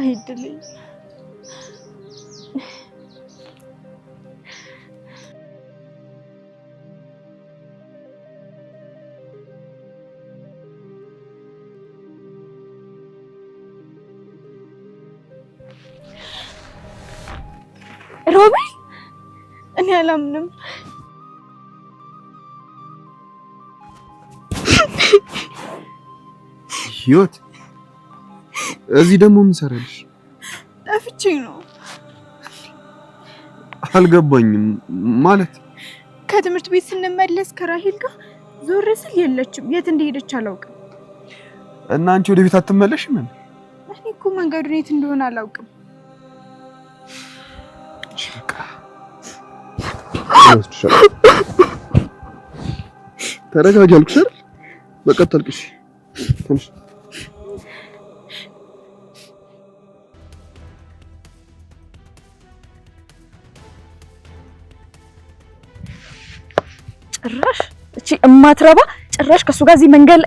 Italy. Robin, I love him. you እዚህ ደግሞ ምን ሰራልሽ? ጠፍቼ ነው። አልገባኝም። ማለት ከትምህርት ቤት ስንመለስ ከራሂል ጋር ዞር ስል የለችም። የት እንደሄደች አላውቅም። እና አንቺ ወደ ቤት አትመለሽ? ምን? እኔ እኮ መንገዱን የት እንደሆነ አላውቅም። ተረጋጊ አልኩሽ አይደል? በቃ አታልቅሽ። ጭራሽ እቺ እማትረባ ጭራሽ ከሱ ጋር እዚህ መንገድ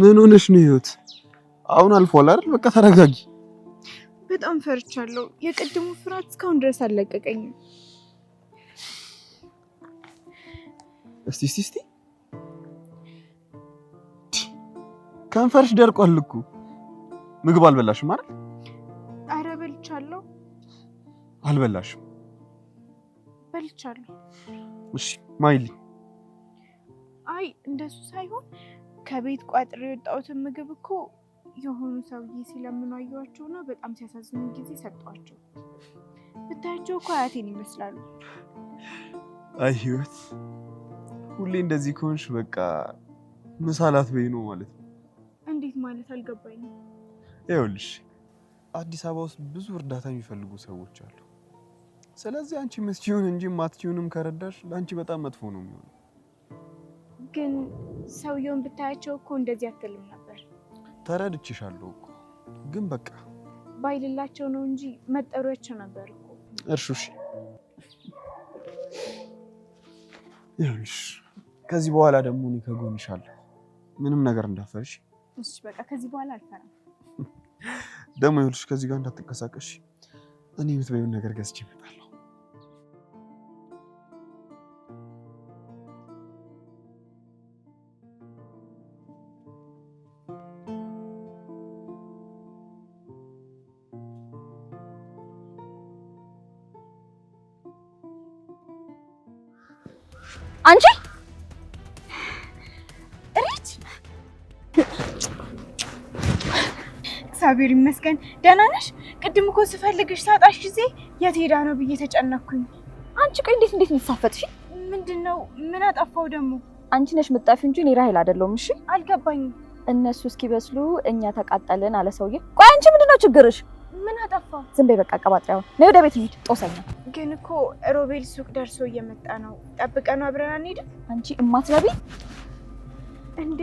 ምን ሆነሽ ነው ህይወት? አሁን አልፏል አይደል? በቃ ተረጋጊ። በጣም ፈርቻለሁ። የቅድሙ ፍርሃት እስካሁን ድረስ አልለቀቀኝም። እስቲ እስቲ እስቲ ከንፈርሽ ደርቋል እኮ ምግብ አልበላሽም አይደል? አልበላሽም? በልቻለሁ። እሺ ማይሊ። አይ እንደሱ ሳይሆን ከቤት ቋጥሬ የወጣሁትን ምግብ እኮ የሆኑ ሰውዬ ሲለምኑ ነው በጣም ሲያሳዝኑ ጊዜ ሰጧቸው። ብታያቸው እኮ አያቴን ይመስላሉ። አይ ህይወት፣ ሁሌ እንደዚህ ከሆንሽ በቃ ምሳላት በይ ነው ማለት ነው። እንዴት ማለት አልገባኝም። ይኸውልሽ አዲስ አበባ ውስጥ ብዙ እርዳታ የሚፈልጉ ሰዎች አሉ ስለዚህ አንቺ ምስቲውን እንጂ ማትኪውንም ከረዳሽ ለአንቺ በጣም መጥፎ ነው የሚሆነው። ግን ሰውየውን ብታያቸው እኮ እንደዚህ አትልም ነበር። ተረድችሻለሁ እኮ ግን በቃ ባይልላቸው ነው እንጂ መጠሪያቸው ነበር እኮ እርሹሽ። ይሁንሽ። ከዚህ በኋላ ደግሞ እኔ ከጎንሻለሁ። ምንም ነገር እንዳፈርሽ እሺ። በቃ ከዚህ በኋላ አልፈራም። ደግሞ ይኸውልሽ ከዚህ ጋር እንዳትንቀሳቀሽ እኔ የምትበይውን ነገር ገዝቼ ይመጣል። አንቺ ሪች፣ እግዚአብሔር ይመስገን ደህና ነሽ? ቅድም እኮ ስፈልግሽ ሳጣሽ ጊዜ የት ሄዳ ነው ብዬ ተጨነኩኝ። አንቺ ቆይ እንዴት እንዴት ምትሳፈጥሽ? ምንድን ነው ምን አጠፋው ደግሞ? አንቺ ነሽ ምጣፊ እንጂ እኔ ራሄል አይደለሁም። እሺ አልገባኝም። እነሱ እስኪበስሉ እኛ ተቃጠልን አለ ሰውዬ። ቆይ አንቺ ምንድን ነው ችግርሽ? ምን አጠፋው? ዝም በይ በቃ። አቀባጥሪያውን ነይ ወደ ቤት እንሂድ ጦሰኛ ግን እኮ ሮቤል ሱቅ ደርሶ እየመጣ ነው። ጠብቀን አብረን አንሄድም? አንቺ እማትረቢ! እንዴ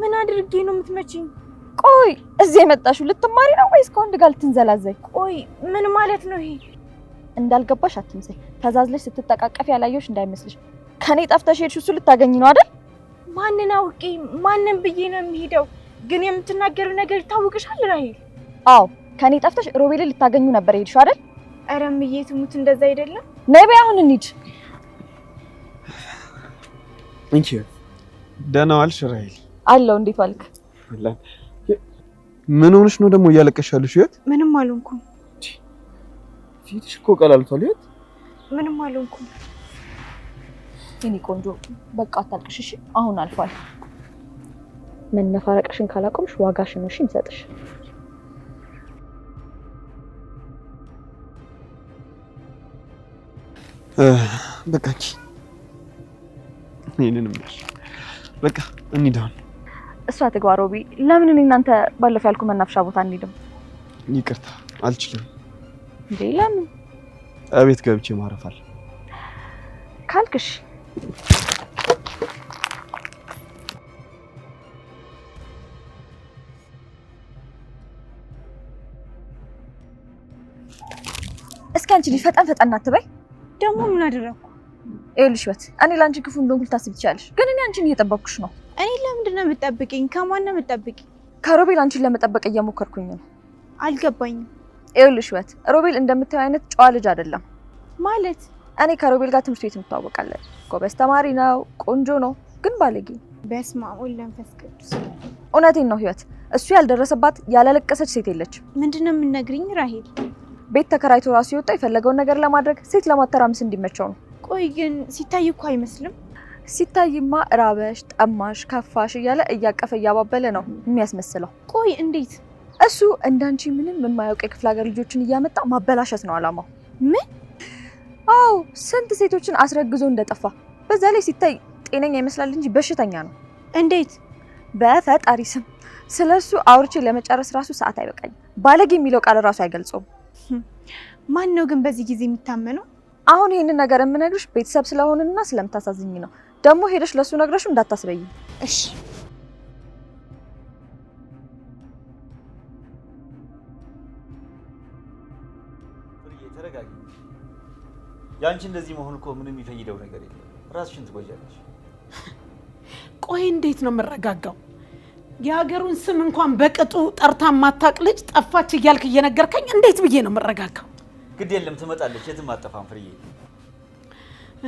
ምን አድርጌ ነው የምትመችኝ? ቆይ እዚህ የመጣሽው ልትማሪ ነው ወይስ ከወንድ ጋር ልትንዘላዘይ? ቆይ ምን ማለት ነው ይሄ? እንዳልገባሽ አትምሰይ። ተዛዝለሽ ስትጠቃቀፍ ያላየሽ እንዳይመስልሽ። ከኔ ጠፍተሽ ሄድሽ፣ እሱ ልታገኝ ነው አይደል? ማንን አውቄ ማንን ብዬ ነው የሚሄደው? ግን የምትናገሪው ነገር ይታወቅሻል። ራሄል፣ አዎ ከኔ ጠፍተሽ ሮቤልን ልታገኙ ነበር ሄድሽ አይደል? ኧረ እምዬ ትሙት እንደዛ አይደለም። ነይ በይ አሁን እንሂድ። እንኪ ደህና ዋልሽ ራይል አለው። እንዴት ዋልክ? ምን ሆነሽ ነው ደግሞ እያለቀሻለሽ? ህይወት ምንም አልሆንኩም። ፊትሽ እኮ ቀላልቷል። ህይወት ምንም አልሆንኩም። እኔ ቆንጆ በቃ አታልቅሽሽ። አሁን አልፏል። መነፋረቅሽን ካላቆምሽ ዋጋሽን ነው እሺ እንሰጥሽ በቃ እንጂ ይሄንን ምንሽ በቃ እንሂዳለን። እሷ ትግባ ሮቢ። ለምን እኔ እናንተ ባለፈው ያልኩ መናፈሻ ቦታ እንሂድም? ይቅርታ አልችልም። እንዴ ለምን? እቤት ገብቼ ማረፋል ካልክሽ እስኪ አንቺ ልጅ ፈጠን ፈጠን አትበይ። ደግሞ ምን አደረግኩ? ይኸውልሽ ህይወት፣ እኔ ለአንቺ ክፉ እንደሆንኩ ልታስብ ትችያለሽ፣ ግን እኔ አንቺን እየጠበቅኩሽ ነው። እኔ ለምንድን ነው የምጠብቅኝ? ከማን ነው የምጠብቅኝ? ከሮቤል አንቺን ለመጠበቅ እየሞከርኩኝ ነው። አልገባኝም። ይኸውልሽ ህይወት፣ ሮቤል እንደምታየው አይነት ጨዋ ልጅ አይደለም። ማለት እኔ ከሮቤል ጋር ትምህርት ቤት እንተዋወቃለን። ጎበዝ ተማሪ ነው፣ ቆንጆ ነው፣ ግን ባለጌ። በስመ አብ ወወልድ ወመንፈስ ቅዱስ። እውነቴን ነው ህይወት፣ እሱ ያልደረሰባት ያላለቀሰች ሴት የለች። ምንድን ነው የምነግርኝ ራሄል? ቤት ተከራይቶ ራሱ ሲወጣ የፈለገውን ነገር ለማድረግ ሴት ለማተራመስ እንዲመቸው ነው። ቆይ ግን ሲታይ እኮ አይመስልም። ሲታይማ ራበሽ፣ ጠማሽ፣ ከፋሽ እያለ እያቀፈ እያባበለ ነው የሚያስመስለው። ቆይ እንዴት? እሱ እንዳንቺ ምንም የማያውቅ የክፍለ ሀገር ልጆችን እያመጣ ማበላሸት ነው አላማው። ምን? አዎ ስንት ሴቶችን አስረግዞ እንደጠፋ። በዛ ላይ ሲታይ ጤነኛ ይመስላል እንጂ በሽተኛ ነው። እንዴት? በፈጣሪ ስም ስለ እሱ አውርቼ ለመጨረስ ራሱ ሰዓት አይበቃኝ። ባለጌ የሚለው ቃል ራሱ አይገልጸውም። ማን ነው ግን በዚህ ጊዜ የሚታመነው? አሁን ይህንን ነገር የምነግርሽ ቤተሰብ ስለሆንና ስለምታሳዝኝ ነው። ደግሞ ሄደሽ ለሱ ነግረሽ እንዳታስበይ እሺ? ያንቺ እንደዚህ መሆን እኮ ምንም የሚፈይደው ነገር የለም። ራስሽን ትጎጃለሽ። ቆይ እንዴት ነው የምረጋጋው? የሀገሩን ስም እንኳን በቅጡ ጠርታ ማታቅ ልጅ ጠፋች እያልክ እየነገርከኝ እንዴት ብዬ ነው የምረጋጋው? ግድ የለም ትመጣለች፣ የትም አጠፋም ፍርዬ።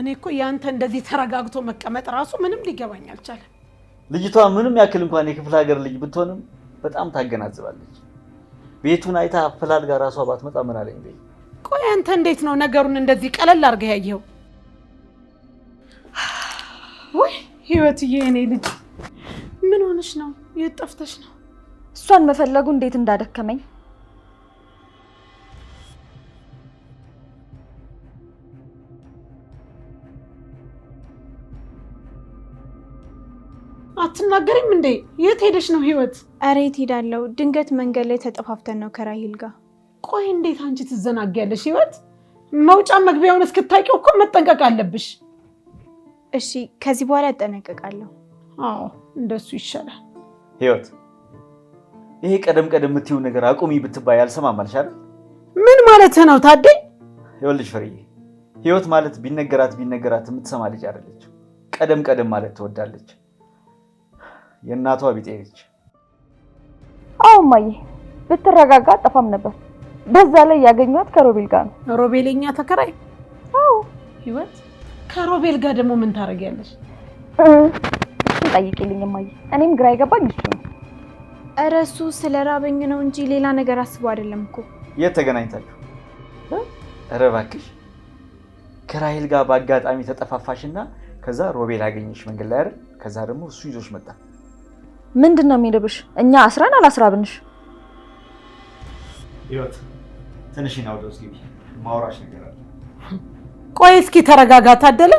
እኔ እኮ ያንተ እንደዚህ ተረጋግቶ መቀመጥ ራሱ ምንም ሊገባኝ አልቻለም። ልጅቷ ምንም ያክል እንኳን የክፍለ ሀገር ልጅ ብትሆንም በጣም ታገናዝባለች። ቤቱን አይታ ፍላል ጋር ራሷ ባትመጣ ምን አለኝ። ቆይ አንተ እንዴት ነው ነገሩን እንደዚህ ቀለል አድርገህ ያየኸው? ወይ ህይወትዬ፣ እኔ ልጅ ምን ሆነሽ ነው የት ጠፍተሽ ነው? እሷን መፈለጉ እንዴት እንዳደከመኝ አትናገሪም እንዴ? የት ሄደሽ ነው ህይወት? ኧረ የት ድንገት መንገድ ላይ ተጠፋፍተን ነው ከራሂል ጋር። ቆይ እንዴት አንቺ ትዘናጊያለሽ ህይወት? መውጫ መግቢያውን እስክታውቂው እኮ መጠንቀቅ አለብሽ። እሺ፣ ከዚህ በኋላ እጠነቀቃለሁ። አዎ፣ እንደሱ ይሻላል። ህይወት ይሄ ቀደም ቀደም የምትይው ነገር አቁሚ ብትባይ ያልሰማ አልሽ አይደል? ምን ማለት ነው ታደኝ? ይኸውልሽ ፍርዬ ህይወት ማለት ቢነገራት ቢነገራት የምትሰማ ልጅ አይደለች። ቀደም ቀደም ማለት ትወዳለች። የእናቷ ቢጤ ነች። አዎ እማዬ፣ ብትረጋጋ ጠፋም ነበር። በዛ ላይ ያገኟት ከሮቤል ጋር ነው። ሮቤልኛ ተከራይ። አዎ ህይወት፣ ከሮቤል ጋር ደግሞ ምን ታደርጊያለሽ? ጠይቅልኝ እማዬ። እኔም ግራ የገባኝ እሱ ነው። ኧረ እሱ ስለ ራበኝ ነው እንጂ ሌላ ነገር አስቦ አይደለም እኮ። የት ተገናኝታችሁ? ኧረ እባክሽ ከራሄል ጋር በአጋጣሚ ተጠፋፋሽና ከዛ ሮቤል አገኘሽ መንገድ ላይ አይደል? ከዛ ደግሞ እሱ ይዞሽ መጣ። ምንድን ነው የሚልብሽ? እኛ አስራን አላስራብንሽ። ህይወት ትንሽ ናውደ ውስጥ ማውራሽ ነገር አለ። ቆይ እስኪ ተረጋጋ ታደለ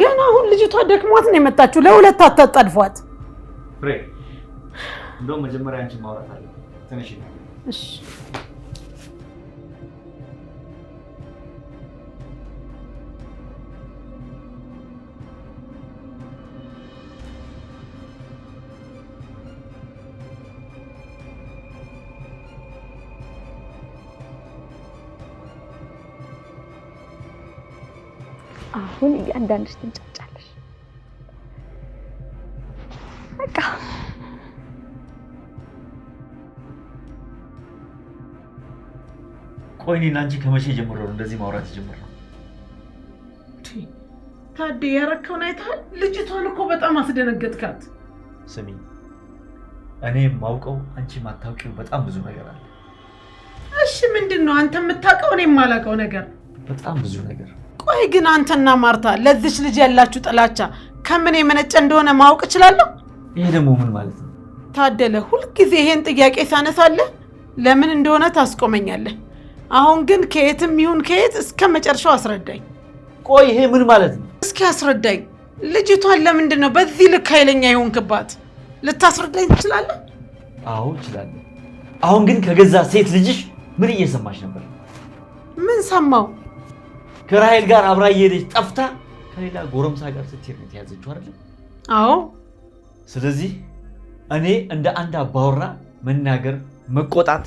ገና አሁን ልጅቷ ደክሟት ነው የመጣችው። ለሁለት አታጣድፏት። ፍሬ እንደውም መጀመሪያ አንቺን ማውራት አለ ትንሽ እሺ አሁን እያንዳንድሽ ትንጫጫለሽ። በቃ ቆይ እኔና አንቺ ከመቼ ጀምሮ ነው እንደዚህ ማውራት የጀመርነው? ታዴ ያረከውን አይተሃል? ልጅቷን እኮ በጣም አስደነገጥካት። ስሚ፣ እኔ የማውቀው አንቺ የማታውቂው በጣም ብዙ ነገር አለ። እሺ ምንድን ነው አንተ የምታውቀው እኔ የማላውቀው ነገር? በጣም ብዙ ነገር ቆይ ግን አንተና ማርታ ለዚች ልጅ ያላችሁ ጥላቻ ከምን የመነጨ እንደሆነ ማወቅ እችላለሁ? ይሄ ደግሞ ምን ማለት ነው? ታደለ ሁልጊዜ ይሄን ጥያቄ ሳነሳለህ ለምን እንደሆነ ታስቆመኛለህ። አሁን ግን ከየትም ይሁን ከየት እስከ መጨረሻው አስረዳኝ። ቆይ ይሄ ምን ማለት ነው? እስኪ አስረዳኝ። ልጅቷን ለምንድን ነው በዚህ ልክ ኃይለኛ ክባት? ልታስረዳኝ ትችላለህ? አዎ እችላለሁ። አሁን ግን ከገዛ ሴት ልጅሽ ምን እየሰማሽ ነበር? ምን ሰማው? ከራሄል ጋር አብራ እየሄደች ጠፍታ ከሌላ ጎረምሳ ጋር ስትሄድ ነው የተያዘችው አዎ። ስለዚህ እኔ እንደ አንድ አባወራ መናገር፣ መቆጣት፣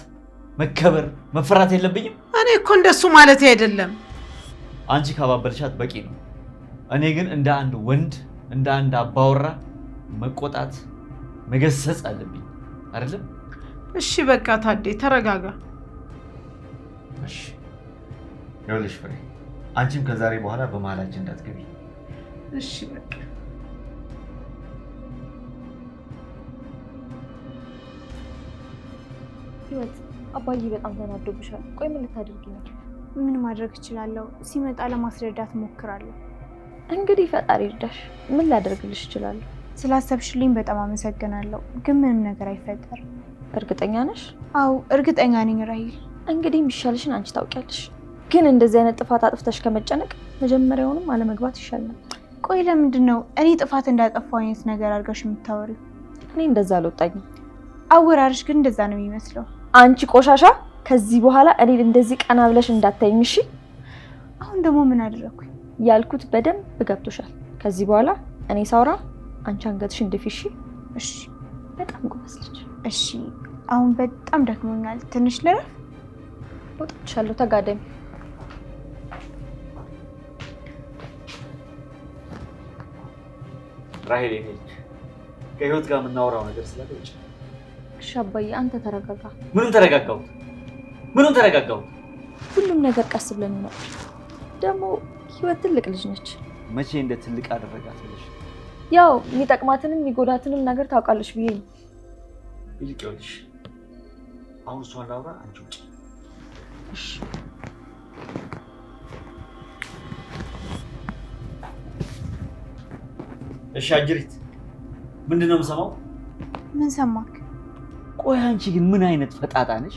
መከበር፣ መፈራት የለብኝም። እኔ እኮ እንደሱ ማለት አይደለም። አንቺ ካባበልሻት በቂ ነው። እኔ ግን እንደ አንድ ወንድ፣ እንደ አንድ አባወራ መቆጣት፣ መገሰጽ አለብኝ አይደለም? እሺ በቃ ታዴ ተረጋጋ። እሺ ይኸውልሽ ፍሬ አንቺም ከዛሬ በኋላ በመሀላችን እንዳትገቢ እሺ? በቃ ህይወት፣ አባዬ በጣም ተናዶብሻል። ቆይ ምን ልታደርጊ ነው? ምን ማድረግ እችላለሁ? ሲመጣ ለማስረዳት እሞክራለሁ። እንግዲህ ፈጣሪ ይርዳሽ። ምን ላደርግልሽ እችላለሁ? ስላሰብሽልኝ በጣም አመሰግናለሁ፣ ግን ምንም ነገር አይፈጠርም። እርግጠኛ ነሽ? አዎ እርግጠኛ ነኝ ራሂል። እንግዲህ የሚሻልሽን አንቺ ታውቂያለሽ። ግን እንደዚህ አይነት ጥፋት አጥፍተሽ ከመጨነቅ መጀመሪያውንም አለመግባት ይሻላል። ቆይ ለምንድን ነው እኔ ጥፋት እንዳጠፋው አይነት ነገር አድርገሽ የምታወሪው? እኔ እንደዛ አልወጣኝም። አወራርሽ ግን እንደዛ ነው የሚመስለው። አንቺ ቆሻሻ፣ ከዚህ በኋላ እኔን እንደዚህ ቀና ብለሽ እንዳታይኝ እሺ? አሁን ደግሞ ምን አደረኩኝ? ያልኩት በደንብ ገብቶሻል። ከዚህ በኋላ እኔ ሳውራ አንቺ አንገትሽ ድፊ እሺ? እሺ። በጣም ጎበዝ እሺ። አሁን በጣም ደክሞኛል። ትንሽ ልረፍ። ወጣችሻለሁ። ተጋደሚ ራሄል ይሄ ከህይወት ጋር የምናወራው ነገር ስላለ ውጭ። እሺ አባዬ አንተ ተረጋጋ። ምኑን ተረጋጋሁት? ምኑን ተረጋጋሁት? ሁሉም ነገር ቀስ ብለን ነው። ደግሞ ህይወት ትልቅ ልጅ ነች። መቼ እንደ ትልቅ አደረጋት ብለሽ ያው የሚጠቅማትንም የሚጎዳትንም ነገር ታውቃለች ብዬ ነው። ይልቅ ይኸውልሽ አሁን እሷን ላውራ፣ አንቺ ውጭ። እሺ እሺ አጅሪት፣ ምንድን ነው የምሰማው? ምን ሰማክ? ቆይ አንቺ ግን ምን አይነት ፈጣጣ ነሽ?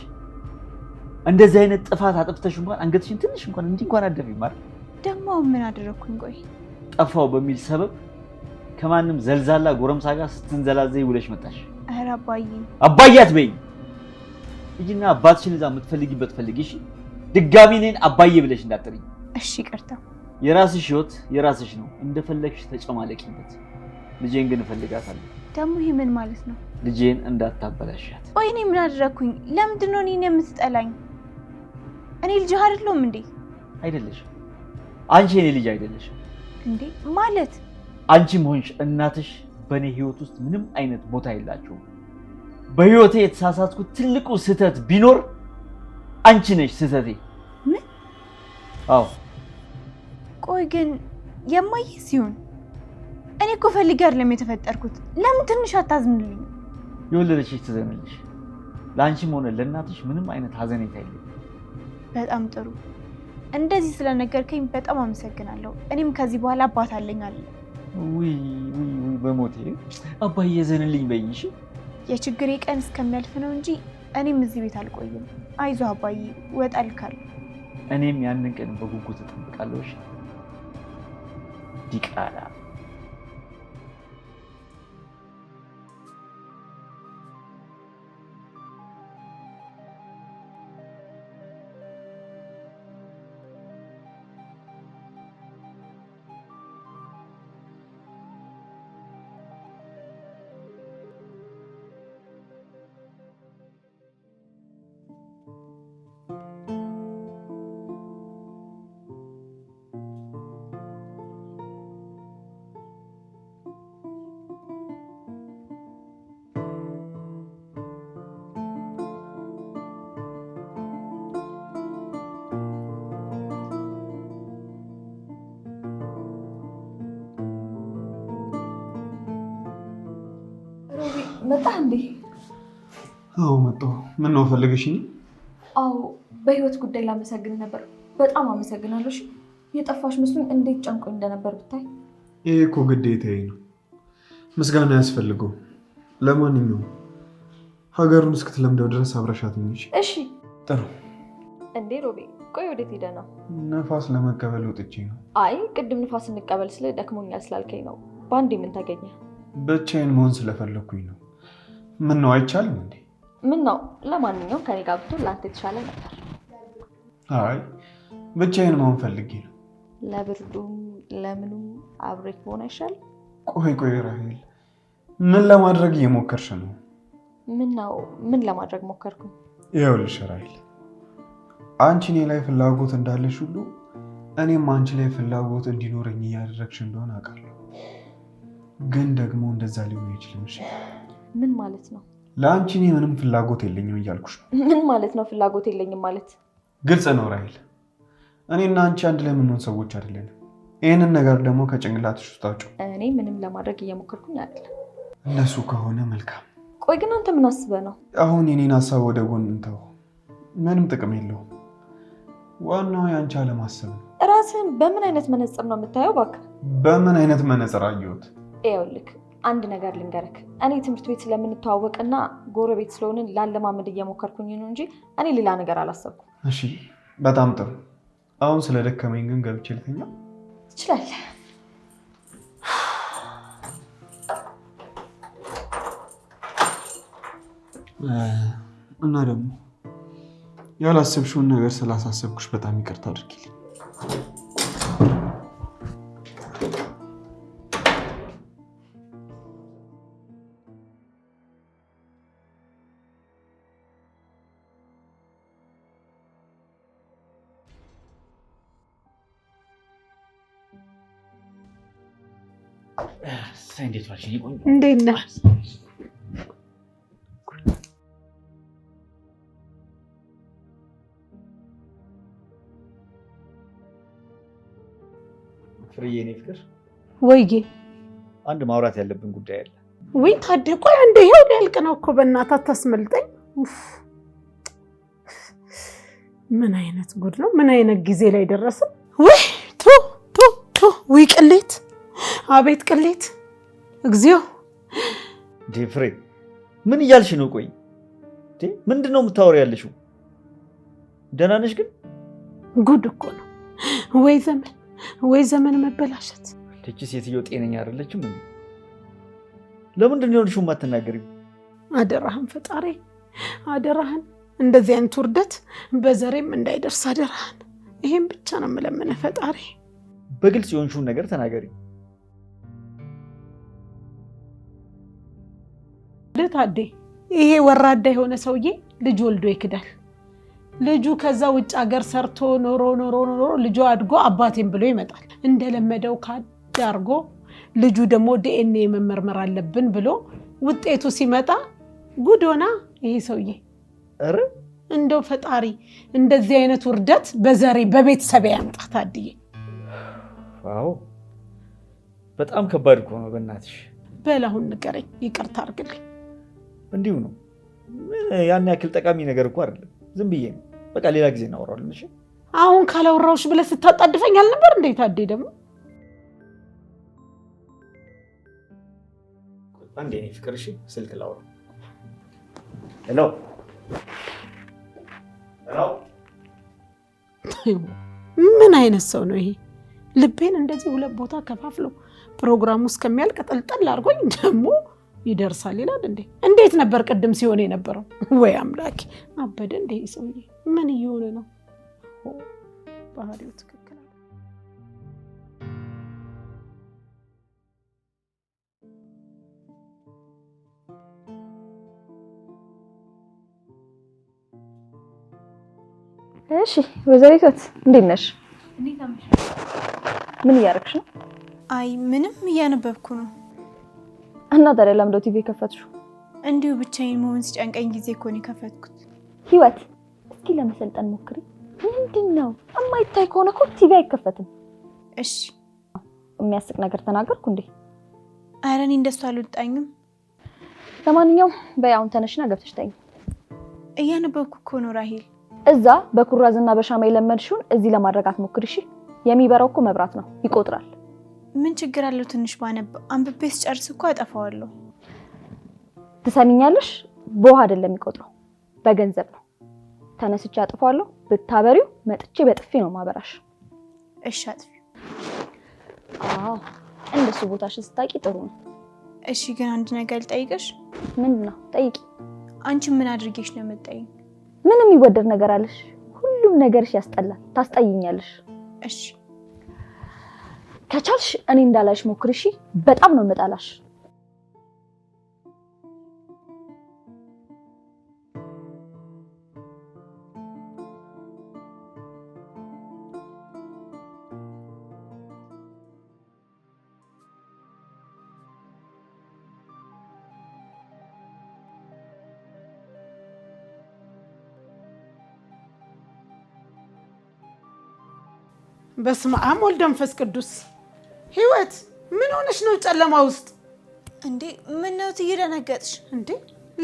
እንደዚህ አይነት ጥፋት አጥፍተሽ እንኳን አንገትሽን ትንሽ እንኳን እንዲህ እንኳን አደፊም አይደል? ደግሞ ምን አደረግኩኝ? ቆይ ጠፋው በሚል ሰበብ ከማንም ዘልዛላ ጎረምሳ ጋር ስትንዘላዘይ ውለሽ መጣሽ። ኧረ አባዬ አባያት በይኝ ልጅና አባትሽን እዛ የምትፈልጊበት ፈልጊ። እሺ ድጋሚ እኔን አባዬ ብለሽ እንዳትጠሪኝ እሺ። ይቅርታ የራስሽ ህይወት የራስሽ ነው፣ እንደፈለግሽ ተጨማለቂበት። ልጄን ግን እፈልጋታለሁ። ደግሞ ይሄ ምን ማለት ነው? ልጄን እንዳታበላሻት። ቆይ እኔ ምን አደረግኩኝ? ለምንድን ነው እኔን የምትጠላኝ? እኔ ልጅህ አይደለሁም እንዴ? አይደለሽም። አንቺ እኔ ልጅ አይደለሽም እንዴ? ማለት አንቺም ሆንሽ እናትሽ በእኔ ህይወት ውስጥ ምንም አይነት ቦታ የላችሁም። በህይወቴ የተሳሳትኩት ትልቁ ስህተት ቢኖር አንቺ ነሽ ስህተቴ። ምን? አዎ ቆይ ግን የማየ ሲሆን እኔ እኮ ፈልጌ አይደለም የተፈጠርኩት። ለምን ትንሽ አታዝንልኝ? የወለደችሽ ትዘንልሽ። ለአንቺም ሆነ ለእናትሽ ምንም አይነት ሀዘኔታ የለም። በጣም ጥሩ። እንደዚህ ስለነገርከኝ በጣም አመሰግናለሁ። እኔም ከዚህ በኋላ አባት አለኝ አለ። ውይ በሞቴ አባዬ ዘንልኝ በይኝ። የችግሬ ቀን እስከሚያልፍ ነው እንጂ እኔም እዚህ ቤት አልቆይም። አይዞህ አባዬ፣ ወጣልካል። እኔም ያንን ቀን በጉጉት እጠብቃለሁ። እሺ ዲቃላ መጣ እንዴ? አዎ መጣሁ። ምን ነው ፈልገሽኝ? አዎ በህይወት ጉዳይ ላመሰግን ነበር። በጣም አመሰግናለሁ። እሺ የጠፋሽ መስሎኝ እንዴት ጨንቆኝ እንደነበር ብታይ። ይሄ እኮ ግዴታዬ ነው፣ ምስጋና ያስፈልገው። ለማንኛውም ሀገሩን እስክትለምደው ድረስ አብረሻት ነሽ። እሺ ጥሩ። እንዴ ሮቤ ቆይ ወዴት ሄደ ነው? ነፋስ ለመቀበል ወጥቼ ነው። አይ ቅድም ንፋስ እንቀበል ስለ ደክሞኛል ስላልከኝ ነው። በአንዴ ምን ታገኘ? ብቻዬን መሆን ስለፈለግኩኝ ነው። ምን ነው አይቻልም እንዴ? ምን ነው ለማንኛውም ከኔ ጋር ብትሆን ለአንተ የተሻለ ነበር። አይ ብቻዬን መሆን ፈልጌ ነው። ለብርዱም ለምኑም አብሬ ከሆነ አይሻል? ቆይ ቆይ ራሄል ምን ለማድረግ እየሞከርሽ ነው? ምን ነው ምን ለማድረግ ሞከርኩ? ይኸውልሽ ራሄል አንቺ እኔ ላይ ፍላጎት እንዳለሽ ሁሉ እኔም አንቺ ላይ ፍላጎት እንዲኖረኝ እያደረግሽ እንደሆነ አውቃለሁ፣ ግን ደግሞ እንደዛ ሊሆን አይችልም። ምን ማለት ነው? ለአንቺ እኔ ምንም ፍላጎት የለኝም እያልኩሽ ነው። ምን ማለት ነው ፍላጎት የለኝም ማለት? ግልጽ ነው ራይል፣ እኔና አንቺ አንድ ላይ የምንሆን ሰዎች አይደለንም። ይህንን ነገር ደግሞ ከጭንቅላትሽ ውስጣጩ። እኔ ምንም ለማድረግ እየሞከርኩኝ አይደለም። እነሱ ከሆነ መልካም። ቆይ ግን አንተ ምን አስበህ ነው? አሁን የኔን ሀሳብ ወደ ጎን እንተው፣ ምንም ጥቅም የለውም። ዋናው የአንቺ አለማሰብ ነው። ራስህን በምን አይነት መነጽር ነው የምታየው? እባክህ በምን አይነት መነጽር አየሁት? ይኸውልህ አንድ ነገር ልንገረክ። እኔ ትምህርት ቤት ስለምንተዋወቅና ጎረቤት ስለሆንን ላለማመድ እየሞከርኩኝ ነው እንጂ እኔ ሌላ ነገር አላሰብኩም። እሺ፣ በጣም ጥሩ። አሁን ስለ ደከመኝ ግን ገብቼ ልተኛ ይችላል። እና ደግሞ ያላሰብሽውን ነገር ስላሳሰብኩሽ በጣም ይቅርታ አድርጊልኝ። እንዴት ዋልሽ? እንዴት ነህ? ፍርዬ፣ እኔ ፍቅር፣ ወይዬ፣ አንድ ማውራት ያለብን ጉዳይ አለ። ወይ ታዴ፣ ቆይ አንዴ፣ ይኸው ሊያልቅ ነው እኮ በእናትህ አታስመልጠኝ። ምን አይነት ጉድ ነው? ምን አይነት ጊዜ ላይ ደረስን? ወይ ቶ ቶ ቶ ውይ፣ ቅሌት! አቤት ቅሌት! እግዚኦ ዴፍሬ ምን እያልሽ ነው? ቆይ ምንድን ነው የምታወሪ ያለሽው? ደህና ነሽ? ግን ጉድ እኮ ነው። ወይ ዘመን፣ ወይ ዘመን መበላሸት። ይቺ ሴትዮ ጤነኛ አይደለችም። ለምንድን ነው የሆንሽው የማትናገሪው? አደራህን ፈጣሪ፣ አደራህን እንደዚህ አይነት ውርደት በዘሬም እንዳይደርስ አደራህን። ይሄን ብቻ ነው የምለምነ ፈጣሪ። በግልጽ የሆንሽውን ነገር ተናገሪ። ታዴ ይሄ ወራዳ የሆነ ሰውዬ ልጅ ወልዶ ይክዳል። ልጁ ከዛ ውጭ ሀገር ሰርቶ ኖሮ ኖሮ ኖሮ ልጁ አድጎ አባቴም ብሎ ይመጣል። እንደለመደው ካድ አድርጎ ልጁ ደግሞ ዲኤንኤ መመርመር አለብን ብሎ ውጤቱ ሲመጣ ጉዶና ይሄ ሰውዬ ኧረ እንደው ፈጣሪ እንደዚህ አይነት ውርደት በዘሬ በቤተሰብ ያምጣ። ታድዬ አዎ በጣም ከባድ እኮ ነው። በእናትሽ በል ንገረኝ፣ ይቅርታ አድርግልኝ። እንዲሁ ነው። ያን ያክል ጠቃሚ ነገር እኮ አይደለም። ዝም ብዬ ነው። በቃ ሌላ ጊዜ እናወራዋለን። እሺ አሁን ካላወራሁሽ ብለህ ስታጣድፈኝ አልነበር? እንዴት አዴ ደግሞ አንዴ እኔ ፍቅር፣ እሺ ስልክ ላውራ። ሄሎ ሄሎ። ምን አይነት ሰው ነው ይሄ? ልቤን እንደዚህ ሁለት ቦታ ከፋፍሎ ፕሮግራሙ እስከሚያልቅ ጠልጠል አድርጎኝ ደግሞ ይደርሳል ይላል እንዴ! እንዴት ነበር ቅድም ሲሆን የነበረው? ወይ አምላኬ አበደ እንዴ! ሰውዬ ምን እየሆነ ነው? ባህሪው ትክክል እሺ። ወይዘሪቶት እንዴት ነሽ? ምን እያደረግሽ ነው? አይ ምንም እያነበብኩ ነው። እና ታዲያ ለምዶ ቲቪ የከፈትሽው? እንዲሁ ብቻዬን መሆን ሲጨንቀኝ ጊዜ እኮ ነው የከፈትኩት። ህይወት እስኪ ለመሰልጠን ሞክሪ። ምንድን ነው እማይታይ ከሆነ እኮ ቲቪ አይከፈትም። እሺ የሚያስቅ ነገር ተናገርኩ እንዴ? ኧረ እኔ እንደሱ አልወጣኝም። ለማንኛውም በይ አሁን ተነሽና ገብተሽ ተኝ። እያነበብኩ እኮ ነው ራሄል። እዛ በኩራዝና በሻማ የለመድሽውን እዚህ ለማድረግ አትሞክሪ እሺ። የሚበራው እኮ መብራት ነው ይቆጥራል። ምን ችግር አለው? ትንሽ ባነብ አንብቤ ስጨርስ እኮ አጠፋዋለሁ። ትሰሚኛለሽ? በውሃ አይደለም የሚቆጥረው በገንዘብ ነው። ተነስቼ አጥፋዋለሁ። ብታበሪው መጥቼ በጥፊ ነው ማበራሽ። እሺ አጥፊ። አዎ እንደሱ ቦታሽን ስታቂ ጥሩ ነው። እሺ ግን አንድ ነገር ልጠይቅሽ። ምንድን ነው? ጠይቂ። አንቺ ምን አድርጌሽ ነው የምትጠይኝ? ምን የሚወደድ ነገር አለሽ? ሁሉም ነገርሽ ያስጠላል። ታስጠይኛለሽ። እሺ ከቻልሽ እኔ እንዳላሽ ሞክሪ እሺ። በጣም ነው የምጠላሽ። በስመ አብ ወልድ መንፈስ ቅዱስ ህይወት ምን ሆነሽ ነው ጨለማ ውስጥ? እንዴ ምን ነው እትዬ ደነገጥሽ እንዴ?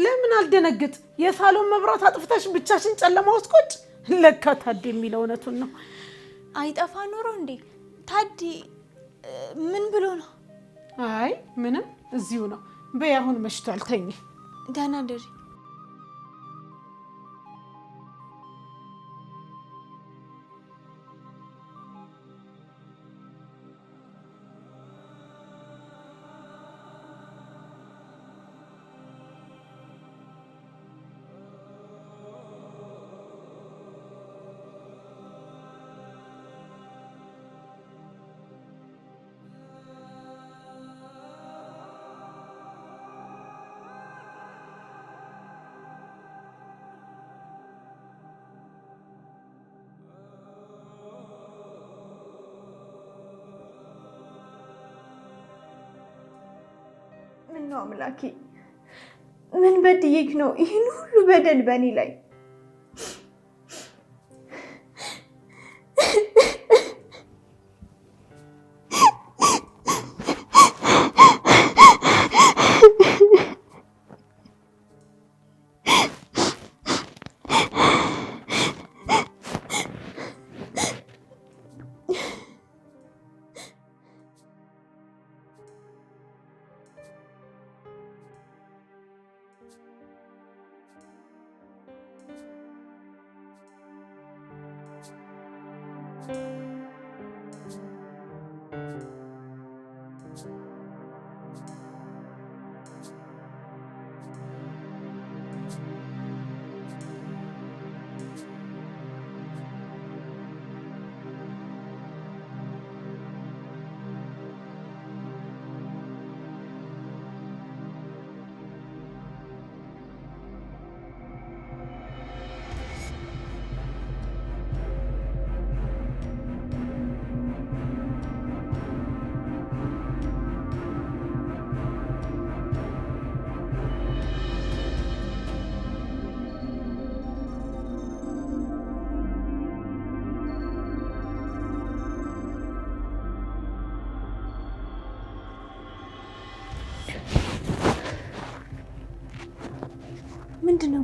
ለምን አልደነግጥ? የሳሎን መብራት አጥፍተሽ ብቻሽን ጨለማ ውስጥ ቁጭ። ለካ ታዲ የሚለው እውነቱን ነው። አይጠፋ ኖሮ እንዴ ታዲ ምን ብሎ ነው? አይ ምንም እዚሁ ነው። በይ አሁን መሽቷል፣ ተኝ። ደህና እደሪ ነው አምላኬ? ምን በድዬህ ነው ይህን ሁሉ በደል በእኔ ላይ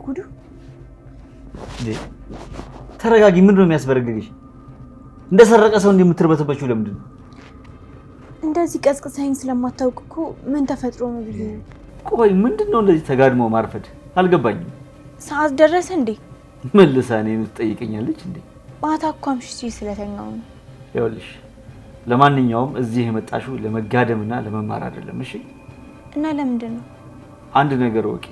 ጉዱ። ተረጋጊ። ምንድን ነው የሚያስበረግግሽ? እንደ ሰረቀ ሰው እንደምትርበተበችው ለምንድን ነው? እንደዚህ ቀዝቅዘኝ ስለማታውቅ እኮ ምን ተፈጥሮ ነው ብዬ። ቆይ ምንድን ነው እንደዚህ ተጋድሞ ማርፈድ? አልገባኝም። ሰዓት ደረሰ እንዴ? መልሳ እኔን ትጠይቀኛለች እንዴ? ማታ እኮ አምሽቼ ስለተኛው ነው። ይኸውልሽ፣ ለማንኛውም እዚህ የመጣሽው ለመጋደምና ለመማር አይደለም። እሺ? እና ለምንድን ነው? አንድ ነገር ወቂ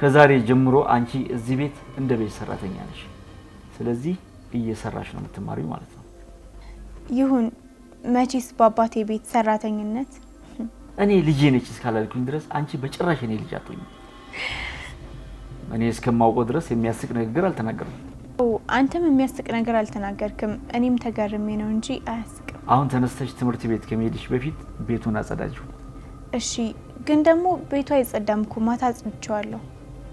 ከዛሬ ጀምሮ አንቺ እዚህ ቤት እንደ ቤት ሰራተኛ ነሽ። ስለዚህ እየሰራሽ ነው የምትማሪው ማለት ነው። ይሁን መቼስ በአባቴ ቤት ሰራተኝነት እኔ ልጄ ነች እስካላልኩኝ ድረስ አንቺ በጭራሽ እኔ ልጅ አትሆኝም። እኔ እስከማውቀው ድረስ የሚያስቅ ንግግር አልተናገርም። አንተም የሚያስቅ ነገር አልተናገርክም። እኔም ተገርሜ ነው እንጂ አያስቅም። አሁን ተነስተሽ ትምህርት ቤት ከመሄድሽ በፊት ቤቱን አጸዳጅው። እሺ። ግን ደግሞ ቤቱ አይጸዳም እኮ ማታ አጽድቼዋለሁ።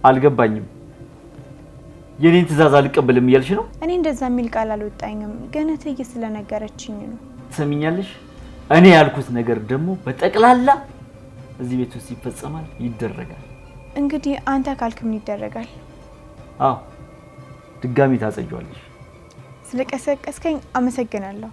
አልገባኝም። የኔን ትዕዛዝ አልቀበልም እያልሽ ነው? እኔ እንደዛ የሚል ቃል አልወጣኝም፣ ግን እትዬ ስለነገረችኝ ነው። ትሰሚኛለሽ? እኔ ያልኩት ነገር ደግሞ በጠቅላላ እዚህ ቤት ውስጥ ይፈጸማል፣ ይደረጋል። እንግዲህ አንተ ካልክ ምን ይደረጋል? አዎ ድጋሚ ታጸጇለሽ። ስለቀሰቀስከኝ አመሰግናለሁ።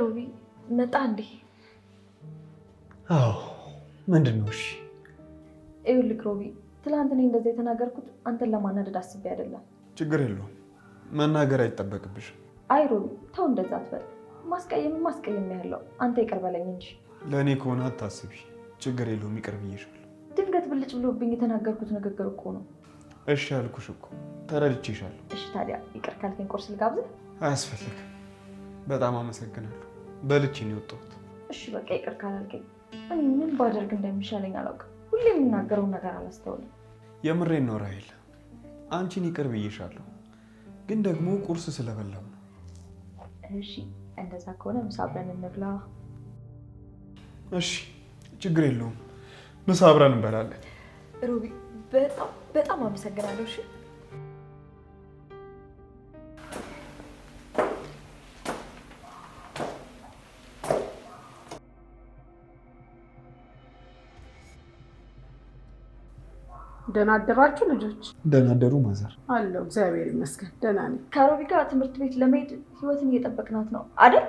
ሮቢ መጣ እንዴ? አዎ። ምንድን ነው? እሺ ይኸውልህ ሮቢ፣ ትላንት እኔ እንደዚህ የተናገርኩት አንተን ለማናደድ አስቤ አይደለም። ችግር የለውም መናገር አይጠበቅብሽም። አይ ሮቢ ተው፣ እንደዛ አትበል። ማስቀየም ማስቀየም ያለው አንተ ይቅር በለኝ እንጂ ለእኔ ከሆነ አታስቢ። ችግር የለውም ይቅር ብዬሻለሁ። ድንገት ብልጭ ብሎብኝ የተናገርኩት ንግግር እኮ ነው። እሺ አልኩሽ እኮ ተረድቼሻለሁ። እሺ ታዲያ ይቅር ካልከኝ ቁርስ ልጋብዝህ? አያስፈልግም። በጣም አመሰግናለሁ። በልቼ ነው የወጣሁት። እሺ በቃ ይቅር ካላልከኝ እኔ ምን ባደርግ እንደሚሻለኝ አላውቅም። ሁሌ የምናገረውን ነገር አላስተውልም። የምሬን ነው ራሄል፣ አንቺን ይቅር ብዬሻለሁ፣ ግን ደግሞ ቁርስ ስለበላው ነው። እሺ እንደዛ ከሆነ ምሳ አብረን እንብላ። እሺ ችግር የለውም፣ ምሳ አብረን እንበላለን። ሩቢ በጣም በጣም አመሰግናለሁ። እሺ ደህና አደራችሁ ልጆች? ደህና አደሩ ማዘር። አለሁ እግዚአብሔር ይመስገን ደህና ነኝ። ከሮቢ ጋር ትምህርት ቤት ለመሄድ ህይወትን እየጠበቅናት ነው አይደል?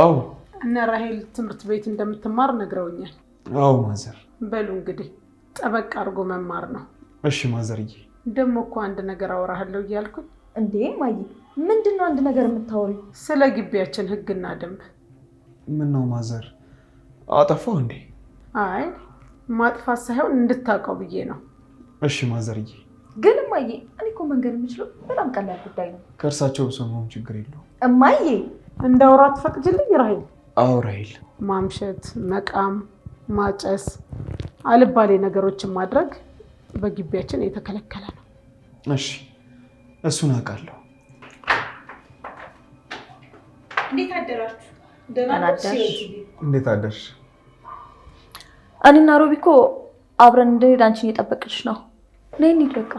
አዎ። እነ ራሄል ትምህርት ቤት እንደምትማር ነግረውኛል። አዎ ማዘር። በሉ እንግዲህ ጠበቅ አድርጎ መማር ነው። እሺ ማዘርዬ። ደግሞ እኮ አንድ ነገር አወራሃለሁ እያልኩኝ እንዴ ማየ፣ ምንድን ነው አንድ ነገር የምታወሪ? ስለ ግቢያችን ህግና ደንብ። ምን ነው ማዘር፣ አጠፋው እንዴ? አይ ማጥፋት ሳይሆን እንድታውቀው ብዬ ነው። እሺ ማዘርዬ። ግን እማዬ፣ እኔ እኮ መንገድ የምችለው በጣም ቀላል ጉዳይ ነው። ከእርሳቸው ብሰማውም ችግር የለው እማዬ፣ እንዳወራ ትፈቅጅልኝ? ራሂል? አዎ ራሂል። ማምሸት፣ መቃም፣ ማጨስ፣ አልባሌ ነገሮችን ማድረግ በግቢያችን የተከለከለ ነው። እሺ፣ እሱን አውቃለሁ። እንዴት አደራችሁ? እንዴት አደርሽ? እኔና ሮቢኮ አብረን እንድንሄድ አንቺን እየጠበቅሽ ነው። ነይ እንሂድ በቃ